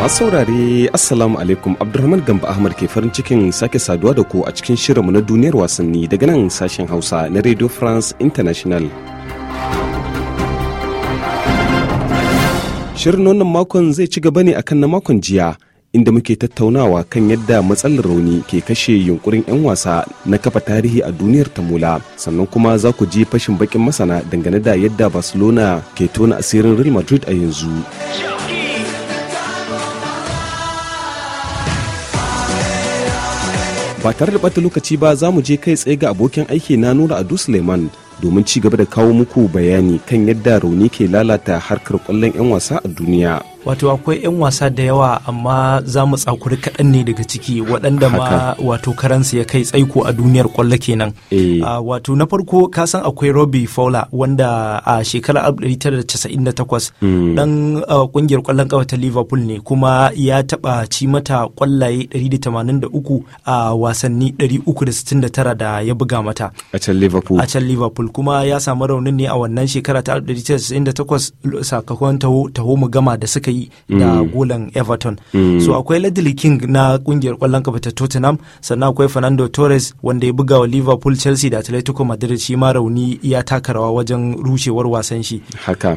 masu saurare assalamu alaikum abdulrahman gamba ahmad ke farin cikin sake saduwa da ku a cikin shirinmu na duniyar wasanni daga nan sashen hausa na radio france international shirin wannan makon zai ci gaba ne akan na makon jiya inda muke tattaunawa kan yadda matsalar rauni ke kashe yunkurin 'yan wasa na kafa tarihi a duniyar ta tamula sannan kuma za ku ji fashin bakin masana dangane da yadda barcelona ke tona asirin real madrid a yanzu. ba tare da ɓata lokaci ba za mu je kai tsaye ga abokin aiki na nura adu suleiman domin ci gaba da kawo muku bayani kan yadda rauni ke lalata harkar kwallon 'yan wasa a duniya wato akwai 'yan wasa da yawa amma za mu tsakuri kaɗan ne daga ciki waɗanda ma wato karansa ya kai tsaiko a duniyar kwallo kenan eh. ah, wato na farko ka san akwai robbie fowler wanda a uh, shekarar 1998 mm. dan uh, kungiyar kwallon kafa ta liverpool ne kuma ya taɓa ci mata kwallaye 183 a wasanni 369 da ya buga mata a can liverpool a can liverpool kuma ya samu raunin ne a wannan shekara ta 1998 sakamakon taho mu gama da suka suka yi mm. da golan everton mm. so akwai ledley king na kungiyar kwallon kafa ta tottenham sannan akwai fernando torres wanda ya buga wa liverpool chelsea da atletico madrid shi ma rauni ya taka rawa wajen rushewar wasan shi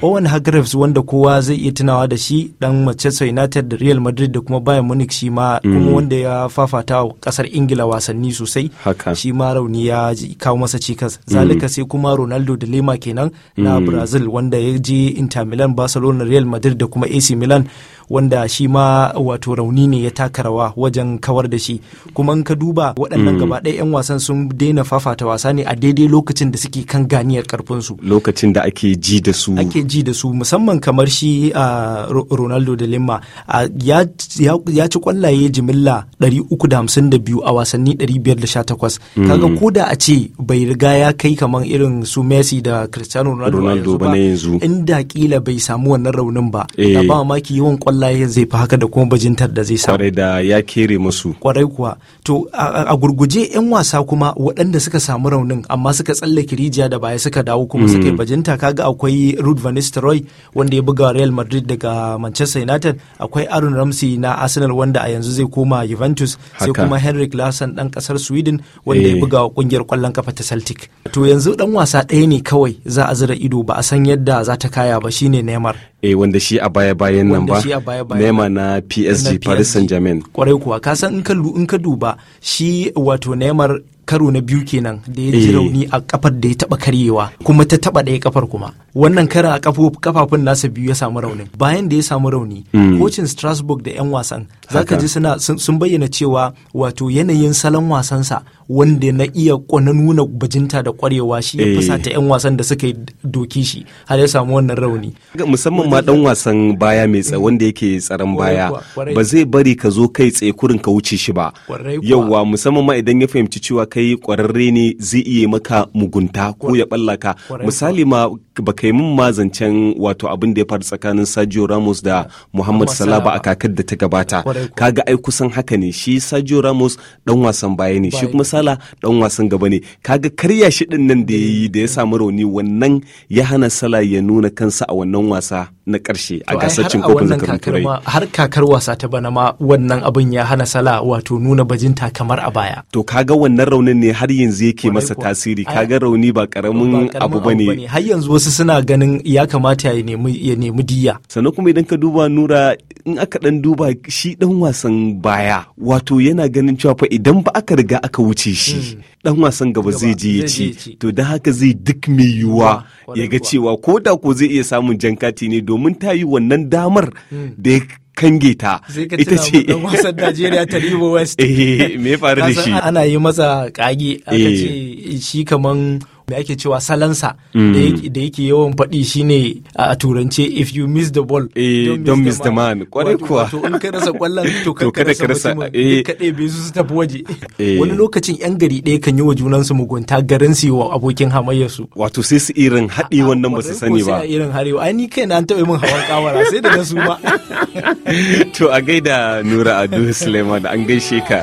owen hargreaves wanda kowa zai iya tunawa da shi dan manchester united da real madrid da kuma bayern munich shi ma mm. kuma wanda ya fafata kasar ingila wasanni sosai shi ma rauni ya kawo masa cikas zalika sai kuma ronaldo da lema kenan na brazil wanda ya je inter milan barcelona real madrid da kuma ac مكملا wanda shi ma wato rauni ne ya taka rawa wajen kawar da shi kuma in ka duba waɗannan mm. gaba ɗaya 'yan wasan sun daina fafata wasa ne a daidai lokacin da suke kan ganiyar su lokacin da ake ji da su ake ji da su musamman kamar shi a ah, ronaldo da limma ah, ya ci kwallaye jimilla 352 a wasanni 518 mm. kaga ko da a ce bai riga ya kai kamar irin su messi da cristiano ronaldo ba yanzu inda kila bai samu wannan raunin ba eh. ba mamaki yawan kwallaye zai fi haka da kuma bajintar da zai samu kwarai da ya kere musu kwarai kuwa to a gurguje yan wasa kuma waɗanda suka samu raunin amma suka tsallake rijiya da baya suka dawo kuma suka yi hmm. bajinta kaga akwai Ruth van Nistelrooy wanda ya buga Real Madrid daga Manchester United akwai Aaron Ramsey na Arsenal wanda a yanzu zai koma Juventus sai kuma Henrik Larsson ɗan ƙasar Sweden wanda ya eh. buga ƙungiyar ƙwallon kafa ta Celtic to yanzu ɗan wasa ɗaya ne kawai za a zira ido ba a san yadda za ta kaya ba shine Neymar eh wanda shi a baya bayan nan ba nema na PSG Paris Saint-Germain kwarai kuwa ka san in ka duba shi wato Neymar karo na biyu kenan da ya ji eh. rauni a kafar da ya taba karyewa kuma ta taba ɗaya kafar kuma wannan kara a kafafun nasa biyu ya samu raunin bayan da ya samu rauni hmm. kocin strasbourg da 'yan wasan zaka ji suna sun bayyana cewa wato yanayin salon wasansa wanda na iya na nuna bajinta da kwarewa shi ya fasa ta 'yan eh. wasan da suka doki shi har ya samu wannan rauni musamman ma dan wasan baya mai tsaye wanda yake tsaron baya ba zai bari ka zo kai tsaye kurin ka wuce shi ba yauwa musamman ma idan ya fahimci cewa kai kai kwararre ne zai iya maka mugunta ko ya ballaka misali ma ba kai min ma zancen wato abin da ya faru tsakanin Sergio Ramos da Muhammad Salah ba a kakar da ta gabata kaga ai kusan haka ne shi Sergio Ramos dan wasan baya ne shi kuma Salah dan wasan gaba ne kaga karya shi din nan da yayi da ya samu rauni wannan ya hana Salah ya nuna kansa a wannan wasa na ƙarshe a gasar cin kofin zakarun turai har kakar wasa ta bana ma wannan abin ya hana sala wato nuna bajinta kamar a baya to kaga wannan raunin ne har yanzu yake masa tasiri kaga rauni ba karamin abu bane har yanzu wasu suna ganin ya kamata ya nemi ya nemi diya sannan kuma idan ka duba nura in aka dan duba shi ɗan wasan baya wato yana ganin cewa fa idan ba aka riga aka wuce shi hmm. dan wasan gaba zai je ya ci to da haka zai duk mai yiwuwa ya ga cewa ko da ko zai iya samun jan kati ne domin ta yi wannan damar hmm. da ya kange ta ita ce wasan Najeriya ta Rivo West eh me faru da shi ana yi masa kage aka eh. ce shi kaman da ake cewa salansa da mm. yake yawan faɗi shine a turance if you miss the ball eh, don miss the man kwarai kuwa to in ka rasa kwallon to ka rasa mutumin eh. ka ɗebe su su tafi waje eh. wani lokacin yan gari ɗaya kan yi wa junansu mugunta garin su wa abokin hamayya su wato sai su irin haɗi wannan ba su sani ba irin harewa ai ni kai na an taɓa min hawan kawara sai da na su ma to a gaida nura adu suleiman an gaishe ka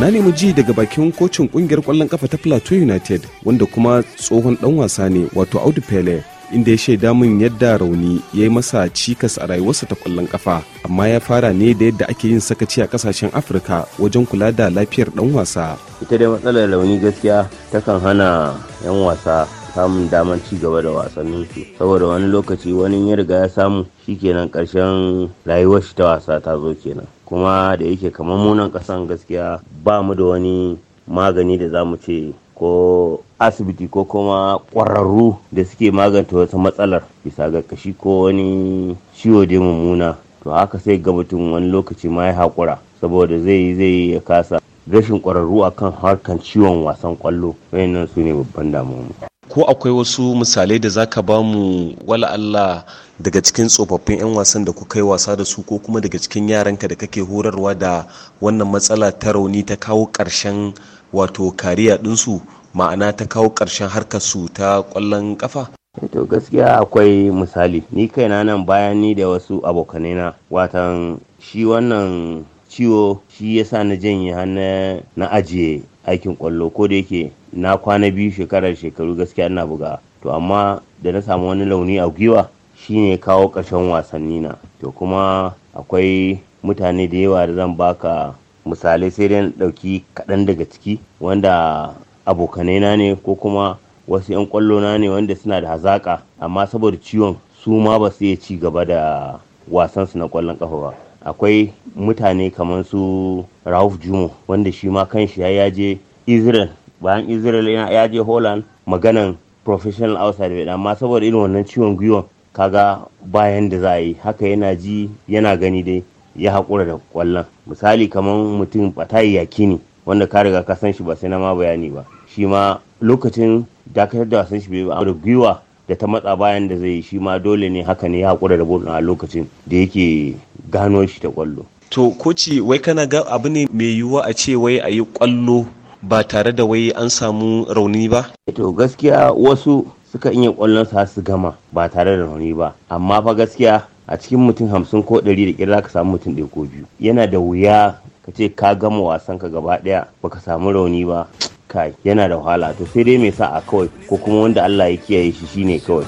na nemi ji daga bakin kocin kungiyar kwallon kafa ta plateau united wanda kuma tsohon dan wasa ne wato audu pele inda ya shaida min yadda rauni ya yi masa cikas a rayuwarsa ta kwallon kafa amma ya fara ne da yadda ake yin sakaci a kasashen afirka wajen kula da lafiyar dan wasa ita dai matsalar rauni gaskiya takan hana 'yan wasa samun daman ci gaba da wasannin su saboda wani lokaci wani ya riga ya samu shikenan karshen rayuwar shi ta wasa ta zo kenan kuma da yake kamar munan kasan gaskiya ba mu da wani magani da za mu ce ko asibiti ko kuma ƙwararru da suke maganta wasu matsalar bisa ga kashi ko wani ciwo da mummuna to haka sai ga mutum wani lokaci ma ya haƙura saboda zai yi zai ya kasa rashin ƙwararru akan harkan ciwon wasan ƙwallo wayannan su ne babban damuwa ko akwai wasu misalai da za ka ba mu wala Allah daga cikin tsofaffin 'yan wasan da kuka yi wasa da su ko kuma daga cikin yaranka da kake horarwa da wannan matsala ta rauni ta kawo ƙarshen wato kariya ɗinsu ma'ana ta kawo ƙarshen harkar su ta ƙwallon ƙafa? Eh to gaskiya akwai misali ni kaina nan bayan da wasu abokanaina watan shi wannan ciwo shi yasa na janye hannu na ajiye aikin kwallo ko da yake na kwana biyu shekarar shekaru gaskiya ina buga to amma da na samu wani launi a gwiwa shi shine kawo ƙarshen wasanni na to kuma akwai mutane da yawa da zan baka misalai sai dai ɗauki kaɗan daga ciki wanda abokanai na ne ko kuma wasu 'yan kwallo na ne wanda suna da hazaƙa amma saboda ciwon su ma ba su iya ci gaba da wasansu na kwallon ƙafa ba akwai mutane kamar su Rauf Jumo wanda shi ma kanshi ya yaje Israel bayan Israel ya je Holland maganan professional outside amma saboda irin wannan ciwon gwiwon kaga bayan da za a yi haka yana ji yana gani dai ya haƙura da kwallon misali kamar mutum batayi yakini wanda ka riga ka san shi ba sai na ma bayani ba shi ma lokacin dakatar da wasan shi bai ba da gwiwa da ta matsa bayan da zai shi ma dole ne haka ne ya haƙura da bolin a lokacin da yake gano shi da kwallo To koci wai kana ga abu ne mai yiwuwa a ce wai a yi ƙwallo ba tare da wai an samu rauni ba? Eh to gaskiya wasu suka iya kwallon su su gama ba tare da rauni ba amma fa gaskiya a cikin mutum hamsin ko ɗari da ƙira ka samu mutum ɗaya ko biyu yana da wuya ka ce ka gama wasan ka gaba ɗaya baka samu rauni ba kai yana da wahala to sai dai mai sa a kawai ko kuma wanda Allah ya kiyaye shi shine kawai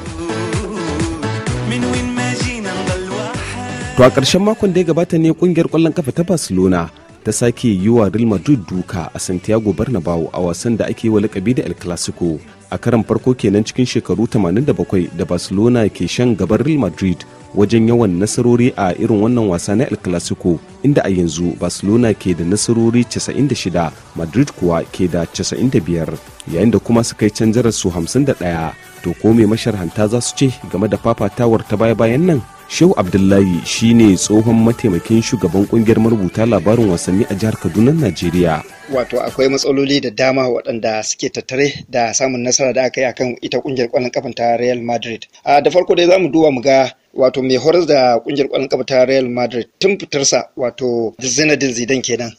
to a ƙarshen makon da ya gabata ne kungiyar ƙwallon kafa ta Barcelona ta sake yi wa real madrid duka a santiago bernabeu a wasan da ake yi wa lakabi da el clasico a karan farko kenan cikin shekaru 87 da barcelona ke shan gaban real madrid wajen yawan nasarori a irin wannan wasa na el clasico inda a yanzu barcelona ke da nasarori 96 madrid kuwa ke da 95 yayin da kuma su kai canjararsu su 51 to ko mai masharhanta za su ce game da fafatawar ta baya-bayan nan shehu abdullahi shi ne tsohon mataimakin shugaban kungiyar marubuta labarin wasanni a jihar kaduna najeriya wato akwai matsaloli da dama waɗanda suke tattare da samun nasara da aka yi akan ita kungiyar ƙwallon kafin ta real madrid a ah, da farko dai za mu duba mu ga wato mai horar da kungiyar kwallon kafa ta Real Madrid tun fitarsa wato Zinedine Zidane kenan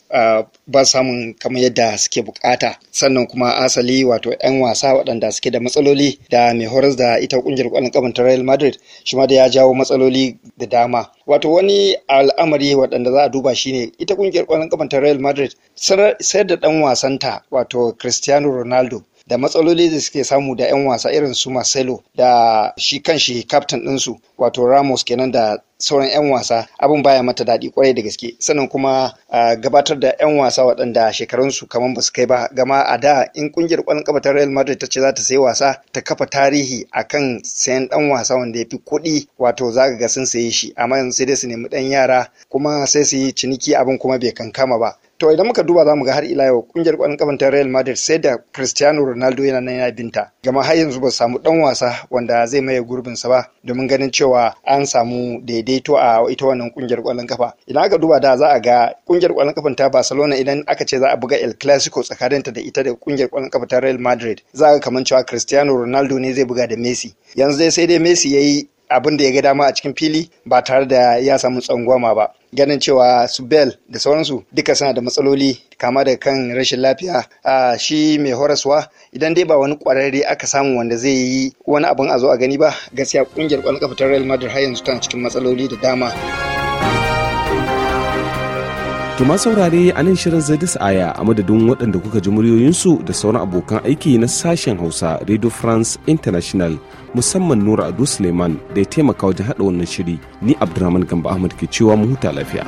ba samun kamar yadda suke bukata sannan kuma asali wato yan wasa waɗanda suke da matsaloli da mai horar da ita kungiyar kwallon kafa ta Real Madrid shi ma da ya jawo matsaloli da dama wato wani al'amari waɗanda za a duba shine ita kungiyar kwallon kafa ta Real Madrid sayar da dan wasanta wato Cristiano Ronaldo da matsaloli da suke samu da 'yan wasa irin su Marcelo da shi kan shi kaftin ɗinsu wato Ramos kenan da sauran 'yan wasa abin baya mata daɗi kwarai da gaske sannan kuma gabatar da 'yan wasa waɗanda shekarunsu kamar ba su kai ba gama a da in kungiyar ƙwallon ƙafa ta Real Madrid ta ce za ta sayi wasa ta kafa tarihi a kan sayan ɗan wasa wanda ya fi kuɗi wato za ga sun saye shi amma yanzu sai dai su nemi ɗan yara kuma sai su yi ciniki abin kuma bai kankama ba to idan muka duba za mu ga har ila yau kungiyar kwallon kafan ta Real Madrid sai da Cristiano Ronaldo yana nan yana binta gama har yanzu ba samu dan wasa wanda zai maye gurbin sa ba domin ganin cewa an samu daidaito a ita wannan kungiyar kwallon kafa idan aka duba da za a ga kungiyar kwallon kafan ta Barcelona idan aka ce za a buga El Clasico tsakaninta da ita da kungiyar kwallon kafa ta Real Madrid za a ga kamar cewa Cristiano Ronaldo ne zai buga da Messi yanzu dai sai dai Messi yayi abin da ya ga dama a cikin fili ba tare da ya samu tsangwama ba ganin cewa su bell da sauransu duka suna da matsaloli kama da kan rashin lafiya a shi mai horaswa idan dai ba wani kwararre aka samu wanda zai yi wani abin a zo a gani ba gaskiya kungiyar kwallon kafa ta Real Madrid har yanzu tana cikin matsaloli da dama. Tuma saurare a nan shirin zai aya a madadin waɗanda kuka ji muryoyinsu da sauran abokan aiki na sashen Hausa Radio France International musamman Nura Adu Suleiman da ya taimaka wajen haɗa wannan shiri ni Abdulrahman Gamba Ahmad ke cewa mu huta lafiya.